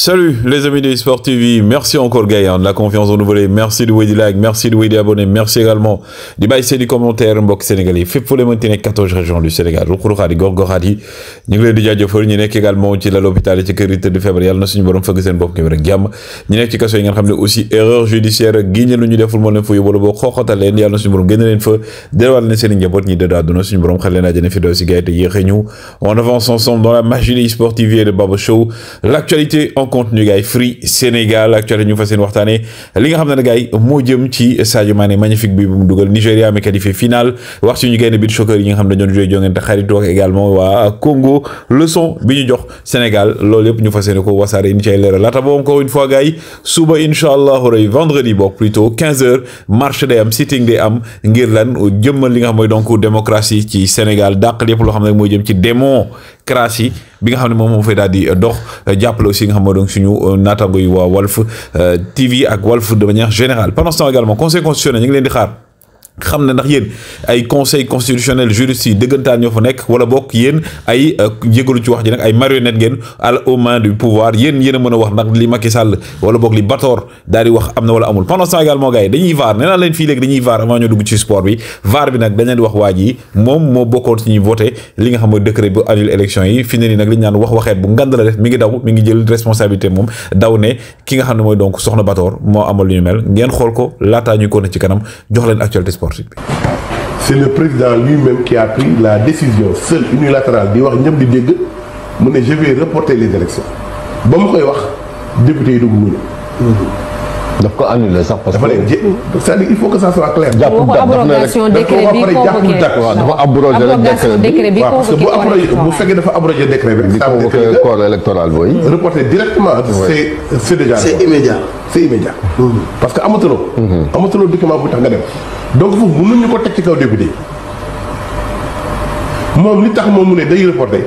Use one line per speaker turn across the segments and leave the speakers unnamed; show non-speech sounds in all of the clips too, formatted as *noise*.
Salut les amis de eSport TV, merci encore Gaïan hein, de la confiance renouvelée, merci de des like, merci de des abonnés, merci également du bail c'est du commentaire mbokk sénégalais fépp fu le mën 14 régions du Sénégal ruqaruxaat yi gox-goxaat yi ñu ngi leen di jaajëfal ñu nekk également ci lal hôpital yi ci kër yi tëdd février. yàlla na suñu borom fëgg seen bopp ki rek jàmm ñu nekk ci kaso yi ngeen xam ne aussi erreur judiciaire génne lu ñu deful moo leen fa yóbbu boo xooxatal leen yàlla na suñu borom génne leen fa delluwaat leen seen njaboot ñi dëdd àdduna suñu borom xel leen àjjana fi daw si gaay te yéexe on avance ensemble dans la magie de eSport TV et de Baba Show l'actualité en contenu guy Free Sénégal actuellement ñu faisons voir waxtaanee li nga xamné gay gars jëm ci Sadio Mané magnifique bi bu mu mi final wax ci ñu gaynde bit choqueur yi nga xamné ne joy jooy xarit également à Congo leçon bi ñu jox Sénégal lool yëpp ñu fas yéene ko wasaare incha allah la laata boobu encore une fois gars suba inshallah vendredi bok plutôt 15h marche day am sitting day am ngir lan jëmmal li nga xam donc démocratie ci Sénégal dakk pour lo xamné ne jëm ci démon crasse bi nga xam ne moom fay daal dox jàppale aussi nga xam ne donc suñu euh, naataango yi waa Walf euh, TV ak wolf de manière générale pendant ce temps également conseil constitutionnel ñu ngi leen di xaar xam ne ndax yéen ay conseil constitutionnel juriste yi dëggantaan ñoo fa nekk wala bokk yéen ay euh, jégalu ci wax ji nag ay marionnette ngeen al aux du pouvoir yéen yéen a mën a wax ndax li Macky Sall wala bokk li Bator daal di wax am na wala amul pendant ce temps également gars yi dañuy vaar nee naa leen fii léegi dañuy vaar avant ñoo dugg ci sport bi vaar bi nag dañ leen di wax waa ji moom moo bokkoon ci ñuy voté li nga xam mooy décret bu annule élection yi fi ne nii nag li ñaan wax waxeet bu ngand la def mi ngi daw mi ngi jël responsabilité moom daw ne ki nga xam ne mooy donc soxna Bator moo amal lu ñu mel ngeen xool ko laataa ñu ko ne ci kanam jox leen actualité sport
c'est le président lui-même qui a pris la décision seule unilatérale de wax je vais reporter les élections daf ko annulé sax parce que c'est-à-dire il faut que ça soit clair daf ko japp daf na rek dafa abrogé rek décret bi parce que bu abrogé bu féké dafa abrogé décret bi ça di convoqué corps électoral boy reporter directement c'est c'est déjà c'est immédiat c'est immédiat parce que amatu lo amatu lo document bu tax nga dem donc vous mënu ñu ko tek ci kaw député mom li tax mom mu ne day reporter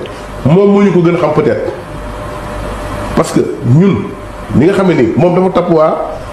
mom mo ñu ko gën xam peut-être parce que ñun ni nga xamé ni kan mom dafa tap wa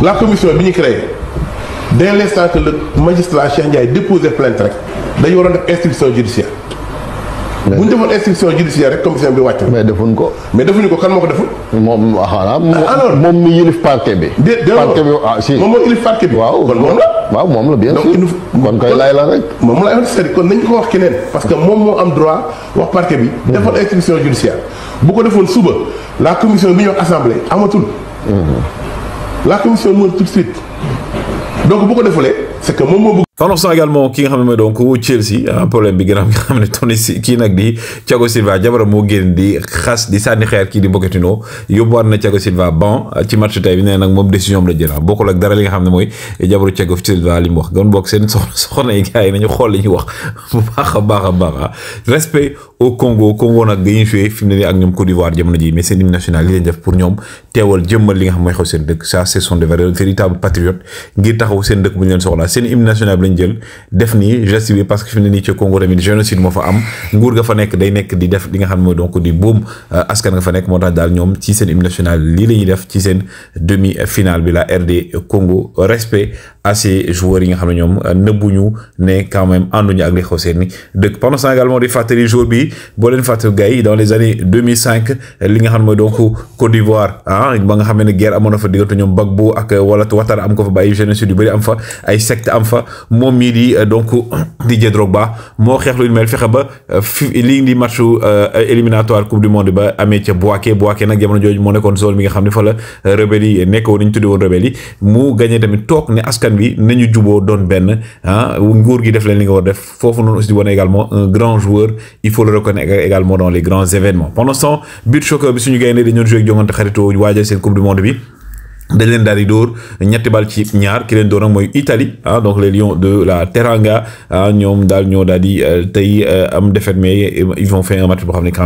la commission bi ñu créé dès l' instant que le magistrat Cheikh Ndiaye déposé plainte rek dañu waroon def instruction judiciaire. bu ñu defoon instruction judiciaire rek commission bi wàcc. mais defuñ ko. mais defuñu ko kan moo ko deful. moom xanaa. Ah, alors moom mi yilif parquet bi. dé parquet bi ah si. moom mooy yilif parquet bi. waaw kon moom la. waaw moom la bien sûr kon kay laay la rek. moom laay wax kon nañ ko wax keneen. parce que moom moo am droit wax parquet bi. Mhm. defoon instruction judiciaire bu ko defoon suba la commission bi ñu wax assemblée amatul.
Mhm la commission meurt tout de suite donc pourquoi de defalee c'est que mon pendant ce temps également ki nga xam ne mooy donc Chelsea ah, problème bi gën a nga xam ne Tony kii nag di Thiago Silva jabara moo génn di xas di sànni xeer kii di Pochettino yóbbuwaat na Thiago Silva ban ah, ci match tey bi nee nag moom décision la jël ah, bokkul ak dara li nga xam ne mooy jabaru Thiago Silva li mu wax gën bokk seen soxna soxna yi gars yi nañu xool li ñuy wax *laughs* bu baax a baax a baax respect au Congo Congo nag dañuy joué fi mu ne ak ñoom Côte d'Ivoire jamono ji mais seen hymne national li leen def pour ñoom teewal jëmmal li nga xam mooy xaw seen dëkk ça ce sont de véritable patriote ngir taxaw seen dëkk bu ñu leen soxlaa seen hymne national lañ jël def ni geste bi parce que fi mu ne nii ci Congo tamit génocide moo fa am nguur ga fa nekk day nekk di def li nga xam mooy donc di boom euh, askan nga fa nekk moo tax daal ñoom ci seen hymne national lii la ñuy def ci seen demi finale bi la RD Congo respect assez joueurs yi nga xamné ne ñoom euh, né quand même ànduñu ak les xaw seen pendant ça également di fàttali jour bi bo len gay dans les années 2005 li nga xamné donc Côte d'Ivoire ah ba nga xamné guerre amono fa diggante ñom bagbo ak euh, wala Watar am ko fa ne génocide du bëri am fa ay secte am fa moom di euh, donc *coughs* Didier Drogba mo xex lu mel fexe ba lii di match éliminatoire coupe du monde ba amé ci Boaké Boaké nag jamono jooju moo nekkoon zone mi nga xamné fa la rebelle yi nekkoon ñu tuddi woon rebelle mu gagné tamit tok ne askan bi nañu juboo doon benn hein nguur gi def leen li nga war def foofu noonu aussi di wane également un grand joueur il faut le reconnaître également dans les grands événements pendant ce temps but choqueur bi suñu gaynde dañoon joué ak jongante xaritoo waajal seen coupe du monde bi Delen leen d'or, di Nyar, ñetti bal ci Italie ah, donc les Lions de la Teranga ah, dal ñoo euh, euh, am euh, ils vont faire un match pour Apprendre quand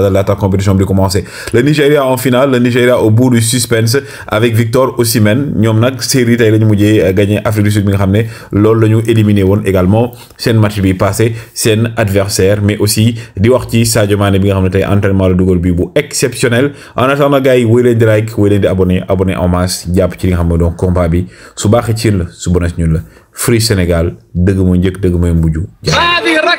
même compétition de commencer le Nigeria en finale le Nigeria au bout du suspense avec Victor Osimhen ñoom nak série gagné Afrique du Sud bi nga le éliminé également. également un match est passé un adversaire mais aussi di wax ci Sadio Mané bi nga entraînement exceptionnel en attendant gars yi wéy di like wéy di tourner en masse jàpp ci li nga xam ne donc combat bi su baaxee ci la su bonee ci ñun la Free Sénégal dëgg mooy njëkk dëgg mooy mujj.